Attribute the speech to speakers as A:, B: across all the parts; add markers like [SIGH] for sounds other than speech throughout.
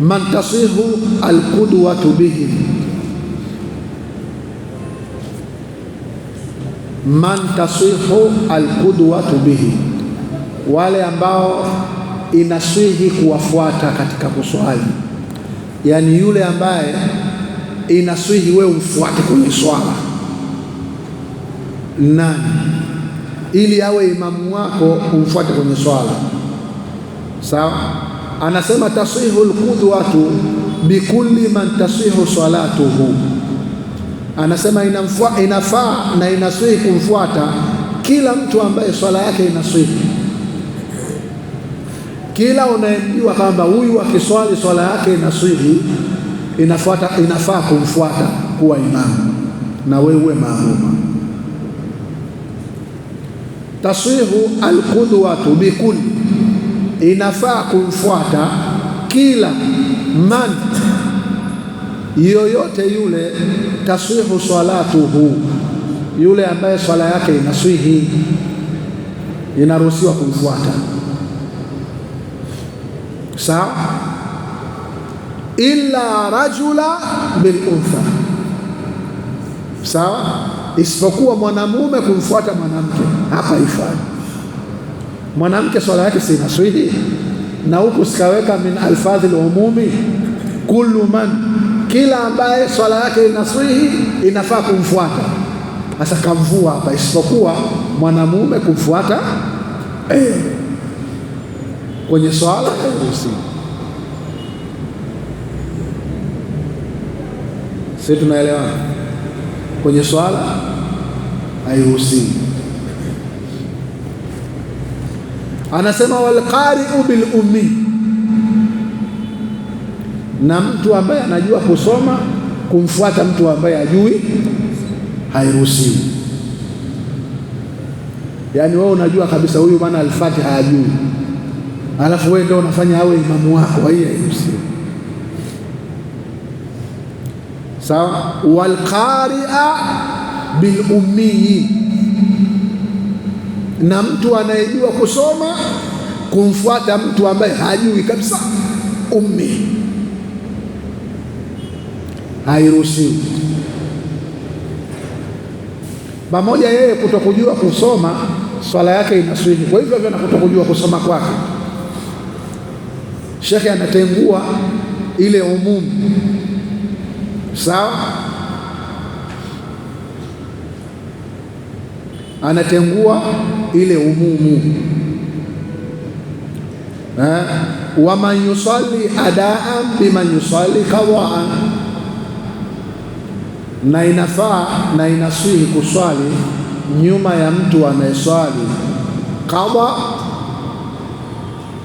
A: man tasihu alqudwatu bihim, man tasihu alqudwatu bihim, wale ambao inaswihi kuwafuata katika kuswali, yaani yule ambaye inaswihi wewe umfuate kwenye swala nani, ili awe imamu wako umfuate kwenye swala, sawa anasema taswihu lqudwatu bikulli man taswihu salatuhu, anasema inafaa inafa, na inaswihi kumfuata kila mtu ambaye swala yake inaswihi kila unayemjua kwamba huyu akiswali swala yake inaswihi inafuata inafaa kumfuata kuwa imamu na wewe maamuma. taswihu alqudwatu bikulli inafaa kumfuata kila man yoyote yule, taswihu swalatuhu yule ambaye swala yake inaswihi, inaruhusiwa kumfuata. Sawa, illa rajula bil untha, sawa, isipokuwa mwanamume kumfuata mwanamke, hapa ifai mwanamke swala yake si naswihi, na huku sikaweka min alfadhi lumumi, kullu man, kila ambaye swala yake inaswihi inafaa kumfuata. Sasa kamvua hapa, isipokuwa mwanamume kumfuata eh, kwenye swala hairuhusi. Sisi tunaelewana, kwenye swala haihusii Anasema walqari'u bil ummi, na mtu ambaye anajua kusoma kumfuata mtu ambaye ajui hairuhusiwi. Yaani wewe unajua kabisa huyu bwana al-Fatiha ajui, alafu wewe ndio unafanya awe imamu wako, hii hairuhusiwi. Sawa, walqari'a bil ummi, na mtu anayejua kusoma kumfuata mtu ambaye hajui kabisa ummi, hairuhusiwi. Pamoja yeye kutokujua kusoma, swala yake inaswini kwa hivyo hivyo, na kutokujua kusoma kwake, shekhe anatengua ile umumu, sawa anatengua ile umumu waman yusalli adaan biman yusalli qadaan, na inafaa na inaswihi kuswali nyuma ya mtu anayeswali qada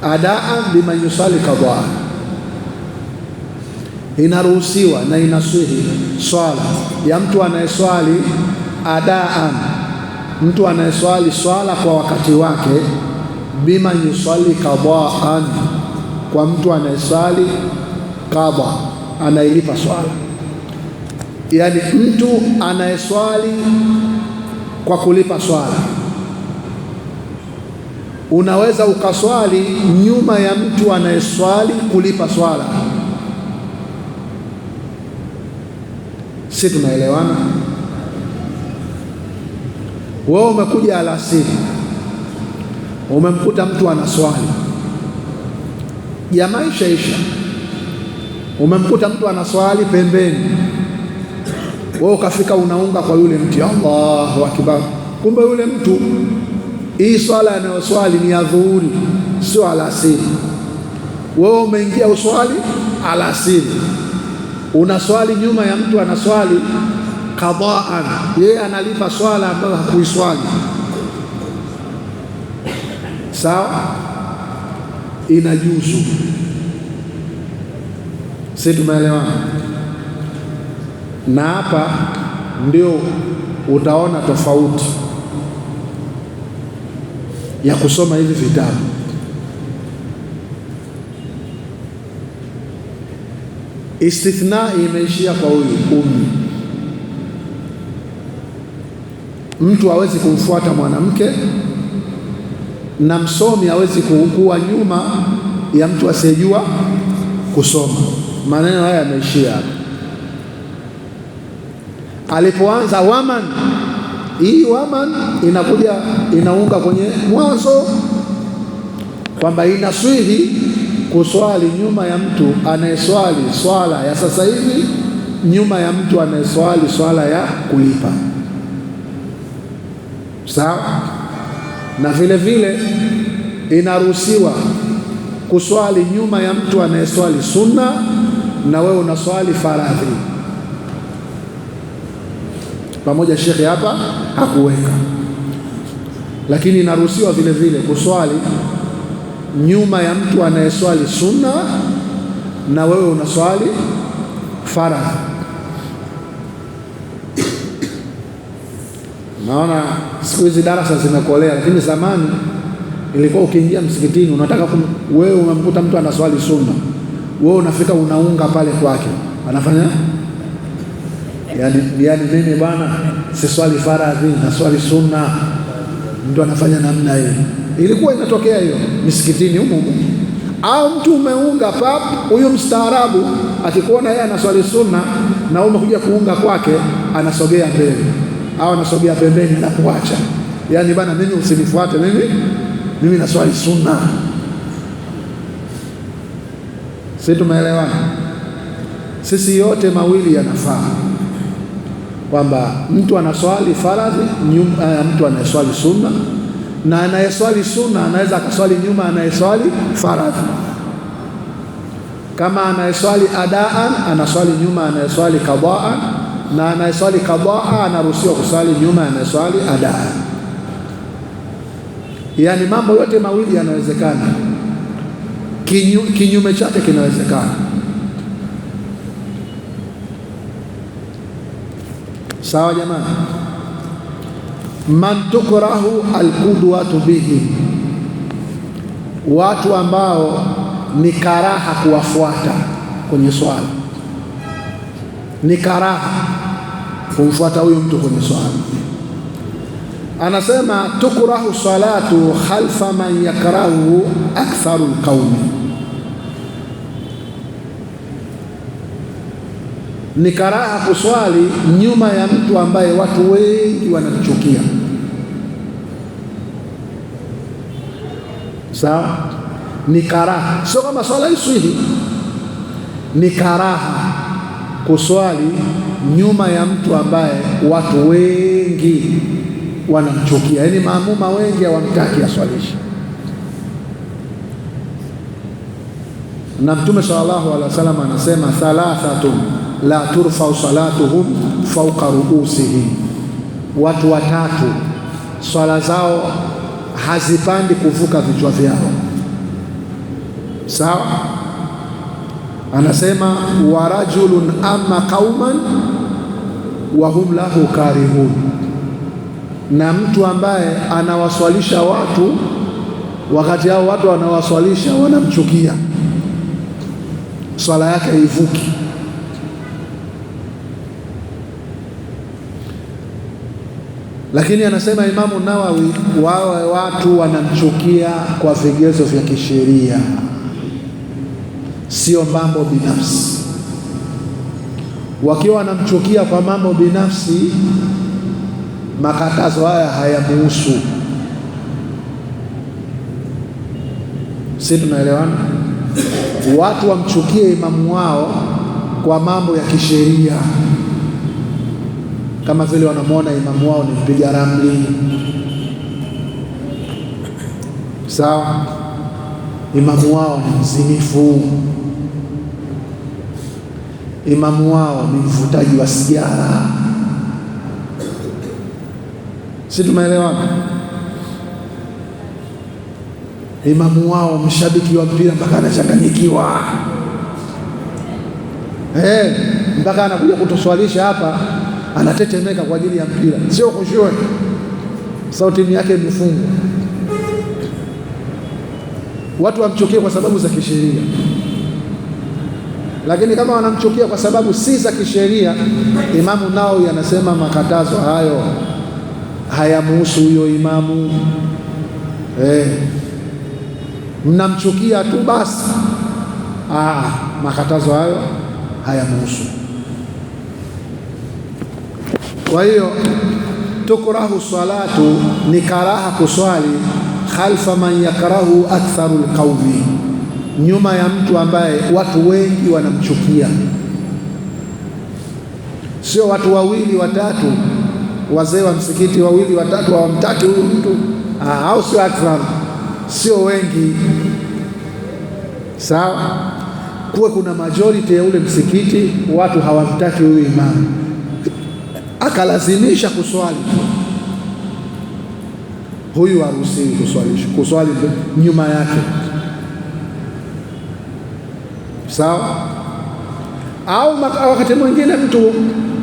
A: adaan biman yusalli qadaan, inaruhusiwa na inaswihi swala ya mtu anayeswali adaan, mtu anayeswali swala kwa wakati wake bima yusali qadaan, kwa mtu anayesali qada, anailipa swala. Yani mtu anayeswali kwa kulipa swala. Unaweza ukaswali nyuma ya mtu anayeswali kulipa swala, si tunaelewana? Wewe umekuja alasiri Umemkuta mtu anaswali, jamaa isha Umemkuta mtu anaswali pembeni, wewe ukafika unaunga kwa yule mtu, Allahu akbar. Kumbe yule mtu hii swala anayoswali ni ya dhuhuri, sio alasiri. Wewe umeingia uswali alasiri, unaswali nyuma ya mtu anaswali kadhaan yeye analipa swala ambayo hakuiswali sawa, inajuzu. Sisi tumeelewana? Na hapa ndio utaona tofauti ya kusoma hivi vitabu. Istithna imeishia kwa huyu umi, Mtu hawezi kumfuata mwanamke na msomi hawezi kuwa nyuma ya mtu asiyejua kusoma. Maneno haya yameishia hapa. Alipoanza waman, hii waman inakuja inaunga kwenye mwanzo kwamba inaswihi kuswali nyuma ya mtu anayeswali swala ya sasa hivi, nyuma ya mtu anayeswali swala ya kulipa. Sawa na vile vile inaruhusiwa kuswali nyuma ya mtu anayeswali sunna na wewe unaswali faradhi pamoja. Shekhe hapa hakuweka, lakini inaruhusiwa vile vile kuswali nyuma ya mtu anayeswali sunna na wewe unaswali faradhi. Naona siku hizi darasa zimekolea, lakini zamani ilikuwa ukiingia msikitini unataka wewe, unamkuta mtu anaswali sunna, wewe unafika unaunga pale kwake, anafanya yani, yani mimi bwana siswali faradhi naswali sunna, mtu anafanya namna hiyo. Ilikuwa inatokea hiyo msikitini humo au mtu umeunga pap, huyu mstaarabu akikuona yeye anaswali sunna na umekuja kuunga kwake, anasogea mbele au anasogea pembeni kuacha, Yaani bana, mimi usinifuate mimi, mimi naswali sunna. Sisi tumeelewa? sisi yote mawili yanafaa, kwamba mtu anaswali faradhi nyuma, eh, mtu anayeswali sunna, na anayeswali sunna anaweza akaswali nyuma anayeswali faradhi kama anayeswali adaan anaswali nyuma anayeswali kadaan na anayeswali kadhaa anaruhusiwa kuswali nyuma ya anayeswali ada. Yaani mambo yote mawili yanawezekana, kinyu, kinyume chake kinawezekana. Sawa jamani, man tukrahu alqudwatu bihi, watu ambao ni karaha kuwafuata kwenye swala ni karaha kumfuata huyu mtu kwenye swala. Anasema tukrahu salatu khalfa man yakrahu aktharu lqaumi, ni karaha kuswali nyuma ya mtu ambaye watu wengi wanachukia. Sawa, ni karaha, sio kama swala iswihi ni karaha kuswali nyuma ya mtu ambaye watu wengi wanamchukia, yaani maamuma wengi hawamtaki aswalishe. Na Mtume sallallahu alaihi wasallam anasema thalathatun la turfau salatuhum fauka ruusihim, watu watatu swala zao hazipandi kuvuka vichwa vyao. Sawa anasema wa rajulun ama qauman wa hum lahu karihun, na mtu ambaye anawaswalisha watu wakati hao watu wanawaswalisha wanamchukia, swala yake haivuki. Lakini anasema Imamu Nawawi, wawe watu wanamchukia kwa vigezo vya kisheria sio mambo binafsi. Wakiwa wanamchukia kwa mambo binafsi, makatazo haya hayamuhusu. Si tunaelewana? Watu wamchukie imamu wao kwa mambo ya kisheria, kama vile wanamwona imamu wao ni mpiga ramli, sawa Imamu wao ni mzinifu, imamu wao ni mvutaji wa sigara. Si tumeelewana? Imamu wao mshabiki wa mpira mpaka anachanganyikiwa eh, mpaka anakuja kutuswalisha hapa, anatetemeka kwa ajili ya mpira, sio kushue, sauti timu yake imefungwa watu wamchukie kwa sababu za kisheria, lakini kama wanamchukia kwa sababu si za kisheria, Imamu nao anasema makatazo hayo hayamuhusu huyo imamu eh. Mnamchukia tu basi, ah, makatazo hayo hayamuhusu. Kwa hiyo tukurahu salatu, ni karaha kuswali khalfa man yakrahu aktharu alqaumi, nyuma ya mtu ambaye watu wengi wanamchukia, sio watu wawili watatu, wazee wa msikiti wawili watatu hawamtaki huyu mtu ah, au sio? Aktharu sio wengi, sawa. Kuwe kuna majority ya ule msikiti watu hawamtaki huyu imamu, akalazimisha kuswali huyu haruhusiwi kuswali, kuswali nyuma yake, sawa? Au wakati mwingine mtu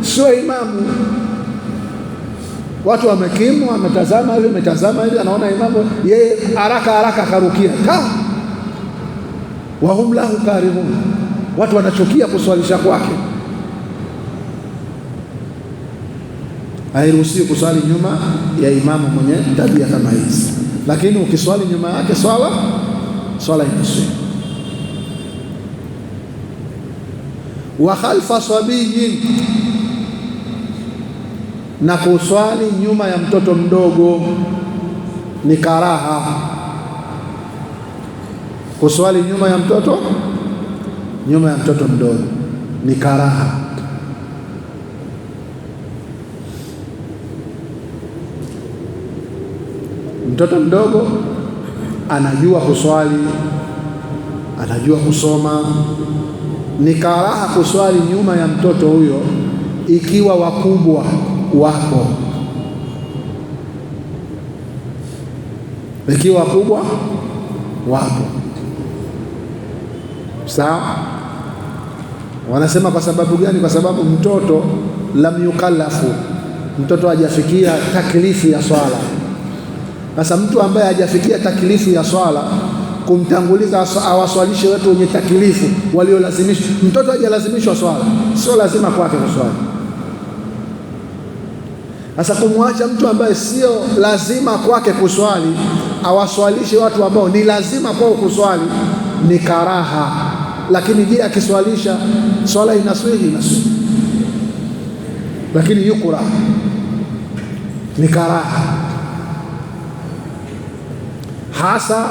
A: sio imamu, watu wamekimwa wametazama hivi, ametazama hivi, anaona imamu, yeye haraka haraka akarukia ta wahum lahu karihun, watu wanachukia kuswalisha kwake. hairuhusiwi kuswali nyuma ya imamu mwenye tabia kama hizi, lakini ukiswali nyuma yake swala swala inaswali. Wa khalfa sabiyin, na kuswali nyuma ya mtoto mdogo ni karaha. Kuswali nyuma ya mtoto nyuma ya mtoto mdogo ni karaha Mtoto mdogo anajua kuswali, anajua kusoma. Ni karaha kuswali nyuma ya mtoto huyo ikiwa wakubwa wako, ikiwa wakubwa wapo. Sawa, wanasema kwa sababu gani? Kwa sababu mtoto lam yukallafu, mtoto hajafikia taklifu ya swala sasa mtu ambaye hajafikia takilifu ya swala kumtanguliza awaswalishe watu wenye takilifu waliolazimishwa. Mtoto hajalazimishwa swala, sio lazima kwake kuswali. Sasa kumwacha mtu ambaye sio lazima kwake kuswali awaswalishe watu ambao ni lazima kwao kuswali ni karaha. Lakini je, akiswalisha swala inaswihi? Inaswihi, lakini yukura ni karaha hasa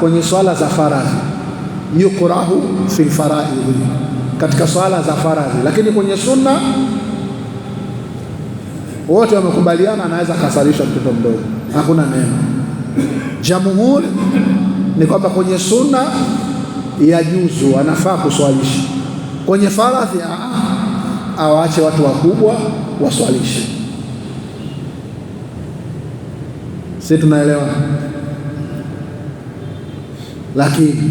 A: kwenye swala za faradhi, yukrahu fil faraidhi, katika swala za faradhi. Lakini kwenye sunna wote wamekubaliana, anaweza akasalisha mtoto mdogo, hakuna neno. Jamhuri ni kwamba kwenye sunna ya juzu anafaa kuswalisha, kwenye faradhi ah, awaache watu wakubwa waswalishe. Si tunaelewa? Lakini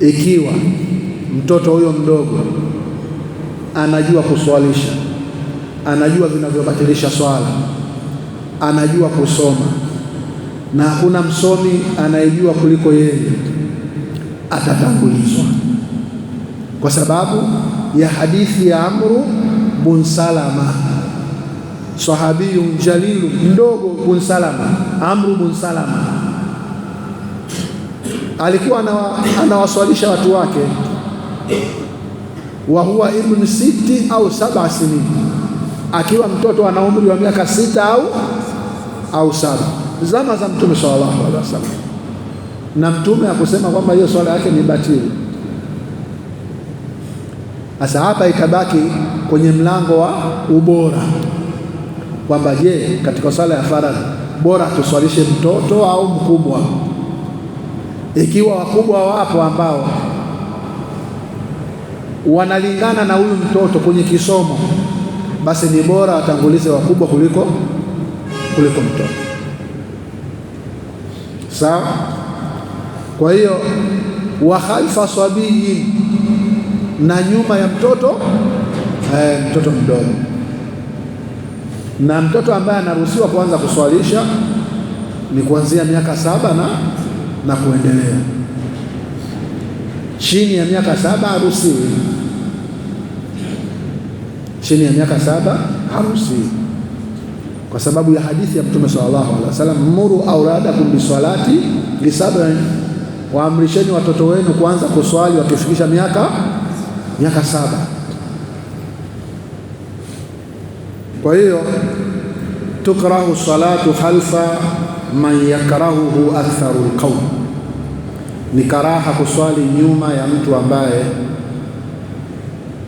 A: ikiwa mtoto huyo mdogo anajua kuswalisha, anajua vinavyobatilisha swala, anajua kusoma, na hakuna msomi anayejua kuliko yeye, atatangulizwa kwa sababu ya hadithi ya Amru bun Salama, sahabiyun jalilu mdogo, bun Salama, Amru bun Salama alikuwa anawaswalisha watu wake wa huwa ibn siti au saba sinin, akiwa mtoto ana umri wa miaka sita au au saba, zama za Mtume sallallahu alaihi wasallam. Na Mtume akusema kwamba hiyo swala yake ni batili. Sasa hapa itabaki kwenye mlango wa ubora kwamba je, katika swala ya faradhi bora tuswalishe mtoto au mkubwa? Ikiwa wakubwa wapo ambao wanalingana na huyu mtoto kwenye kisomo, basi ni bora watangulize wakubwa kuliko kuliko mtoto. Sawa. Kwa hiyo wa khalfa sabiyi, na nyuma ya mtoto eh, mtoto mdogo, na mtoto ambaye anaruhusiwa kuanza kuswalisha ni kuanzia miaka saba na na kuendelea. Chini ya miaka saba harusi, chini ya miaka saba harusi, kwa sababu ya hadithi ya Mtume sallallahu alaihi wasallam, muru auladakum bisalati lisaba waamrisheni watoto wenu kuanza kuswali wakifikisha miaka miaka saba. Kwa hiyo tukrahu salatu khalfa man yakrahuhu aktharu lqaum, ni karaha kuswali nyuma ya mtu ambaye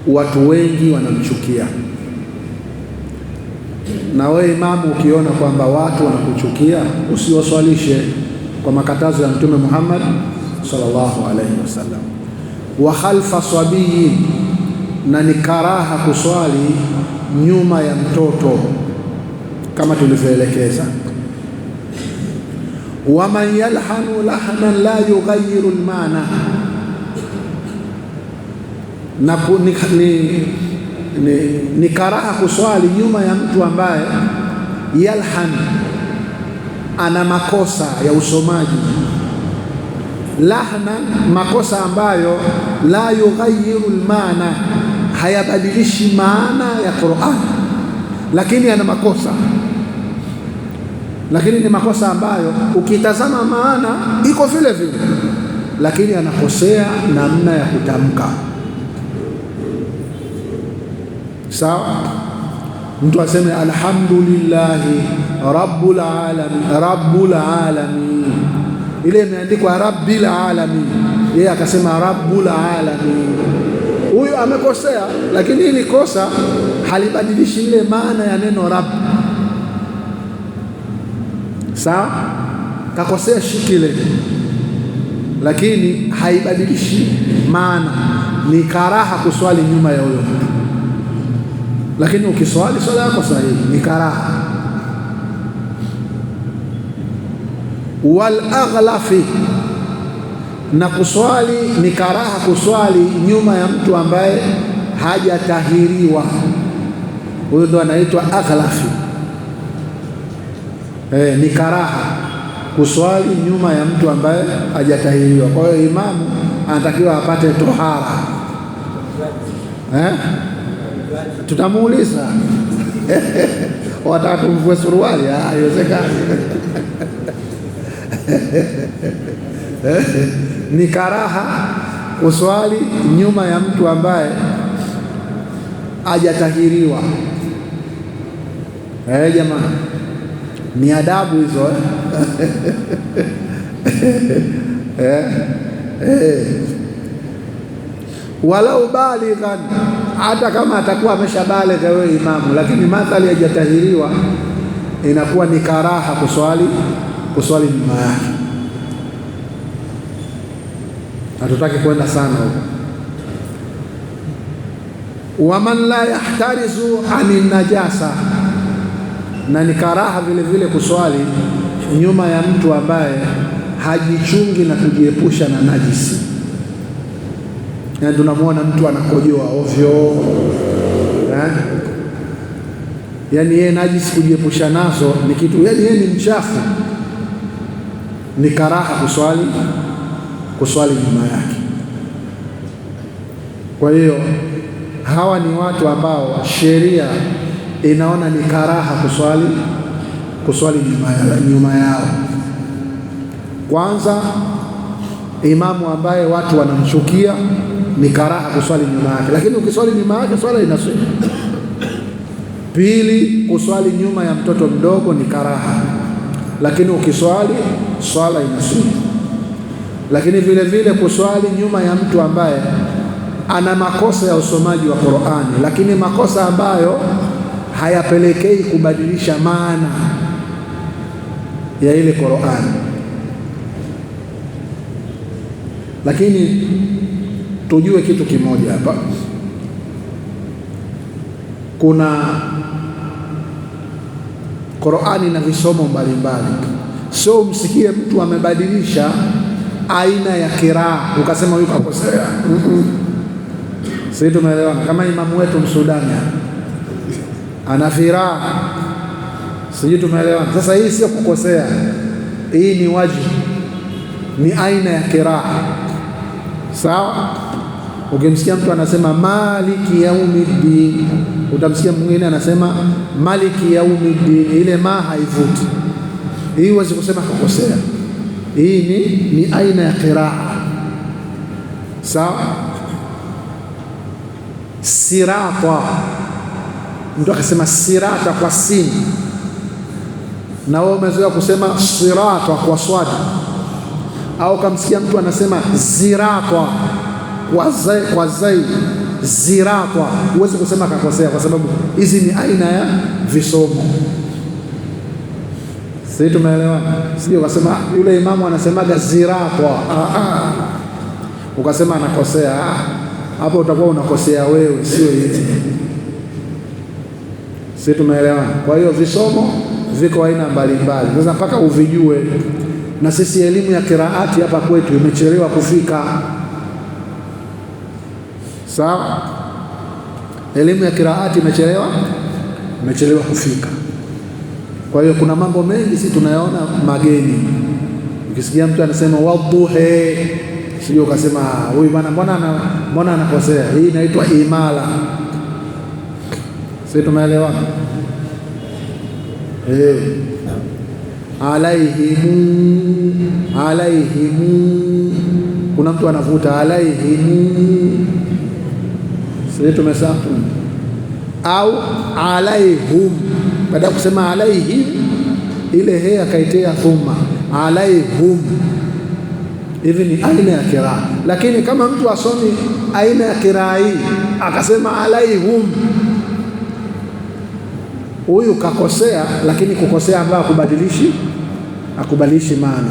A: watu wengi wanamchukia. Na wewe imamu, ukiona kwamba watu wanakuchukia usiwaswalishe, kwa makatazo ya Mtume Muhammad sallallahu alaihi wasallam. Wa khalfa swabiyi, na ni karaha kuswali nyuma ya mtoto kama tulivyoelekeza waman yalhanu lahnan la yughayyiru lmana, na ni, ni, ni, ni karaha kuswali nyuma ya mtu ambaye yalhan ana makosa ya usomaji lahna, makosa ambayo la yughayyiru lmana, hayabadilishi maana ya Qur'an, lakini ana makosa lakini ni makosa ambayo ukitazama maana iko vile vile, lakini anakosea namna ya kutamka. Sawa, mtu aseme alhamdulillahi rabbul alamin, rabbul alamin, ile imeandikwa rabbil alamin, yeye akasema rabbul alamin. Huyu amekosea, lakini hili kosa halibadilishi ile maana ya neno rabb sawa, kakosea shikile, lakini haibadilishi maana, ni karaha kuswali nyuma ya huyo mtu, lakini ukiswali swala yako sahihi, ni karaha. Wal aghlafi na kuswali ni karaha, kuswali nyuma ya mtu ambaye hajatahiriwa, huyo ndo anaitwa aghlafi. Eh, ni karaha kuswali nyuma ya mtu ambaye hajatahiriwa. Kwa hiyo imamu anatakiwa apate tohara eh? Tutamuuliza [LAUGHS] wataka tumvue suruali? Ah, haiwezekani. [LAUGHS] ni karaha kuswali nyuma ya mtu ambaye hajatahiriwa eh, jamani ni adabu hizo eh? [LAUGHS] eh? Eh. walau balighan, hata kama atakuwa ameshabaligha wewe imamu, lakini madhali hajatahiriwa inakuwa ni karaha kuswali kuswali nyuma yake. Hatutaki kwenda sana huko. waman la yahtarizu ani najasa na ni karaha vile vile kuswali nyuma ya mtu ambaye hajichungi na kujiepusha na najisi. Yani tunamwona mtu anakojoa ovyo eh? Yani yeye najisi kujiepusha nazo ni kitu, yani yeye ni mchafu. Ni karaha kuswali kuswali nyuma yake. Kwa hiyo hawa ni watu ambao sheria inaona ni karaha kuswali kuswali nyuma yao. Kwanza imamu ambaye watu wanamchukia ni karaha kuswali nyuma yake, lakini ukiswali nyuma yake swala inaswali. Pili, kuswali nyuma ya mtoto mdogo ni karaha, lakini ukiswali swala inaswali. Lakini vile vile kuswali nyuma ya mtu ambaye ana makosa ya usomaji wa Qur'ani, lakini makosa ambayo hayapelekei kubadilisha maana ya ile Qur'ani. Lakini tujue kitu kimoja hapa, kuna Qur'ani na visomo mbalimbali, sio msikie mtu amebadilisha aina ya kiraa ukasema huyu kakosea. Sisi tumeelewana kama imamu wetu Msudani hapa ana firaha, sijui tumeelewa. Sasa hii sio kukosea, hii ni waji ni aina ya kiraha. Sawa, ukimsikia mtu anasema maliki yaumiddin, utamsikia mwingine anasema maliki yaumiddin, ile ma haivuti hii, huwezi kusema kakosea. Hii ni ni aina ya qira'a. Sawa, sirata mtu akasema sirata kwa sin, na wewe umezoea kusema sirata kwa swadi, au kamsikia mtu anasema zirata kwa zai, kwa zai ziratwa, huwezi kusema akakosea kwa sababu hizi ni aina ya visomo. Sisi tumeelewa sio ukasema yule imamu anasemaga ziratwa, ah, ah, ukasema anakosea ah, hapo, utakuwa unakosea wewe, sio yeye si tumeelewana? Kwa hiyo visomo viko aina mbalimbali, sasa mpaka uvijue. Na sisi elimu ya kiraati hapa kwetu imechelewa kufika, sawa? Elimu ya kiraati imechelewa, imechelewa kufika. Kwa hiyo kuna mambo mengi si tunayaona mageni. Ukisikia mtu anasema wadhuhe, sijui ukasema huyu bwana, mbona anakosea. Hii inaitwa imala si tumeelewana? Eh, alaihimu alaihimu, kuna mtu anavuta alaihimu, si tumesema? Au alaihum, baada ya kusema alaihim ile he akaitea thumma alaihum hivi ni aina ya kiraa, lakini kama mtu asomi aina ya kiraa hii akasema alaihum huyu kakosea, lakini kukosea ambayo akubadilishi akubadilishi maana.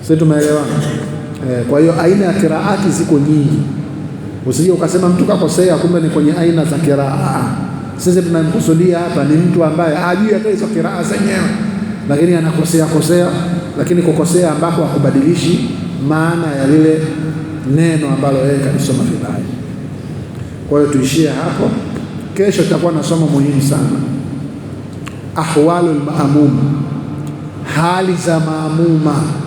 A: Sisi tumeelewa eh. Kwa hiyo aina ya kiraati ziko nyingi, usije ukasema mtu kakosea, kumbe ni kwenye aina za kiraa. Sisi tunamkusudia hapa ni mtu ambaye ajui hata hizo kiraa zenyewe, lakini anakosea kosea, lakini kukosea ambako akubadilishi maana ya lile neno ambalo yeye kalisoma vibaya. Kwa hiyo tuishie hapo. Kesho tutakuwa na somo muhimu sana, ahwalul maamuma, hali za maamuma.